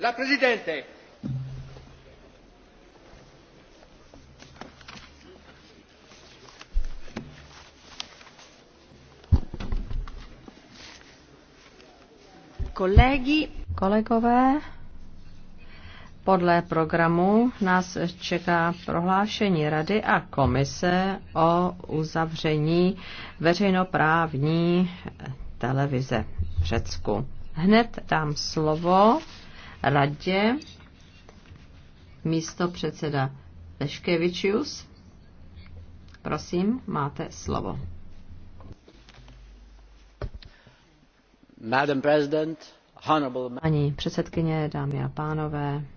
La Presidente. Kolegi, kolegové, podle programu nás čeká prohlášení Rady a Komise o uzavření veřejnoprávní televize v Řecku. Hned dám slovo radě místo předseda Leškevičius. Prosím, máte slovo. Madam President, Paní předsedkyně, dámy a pánové,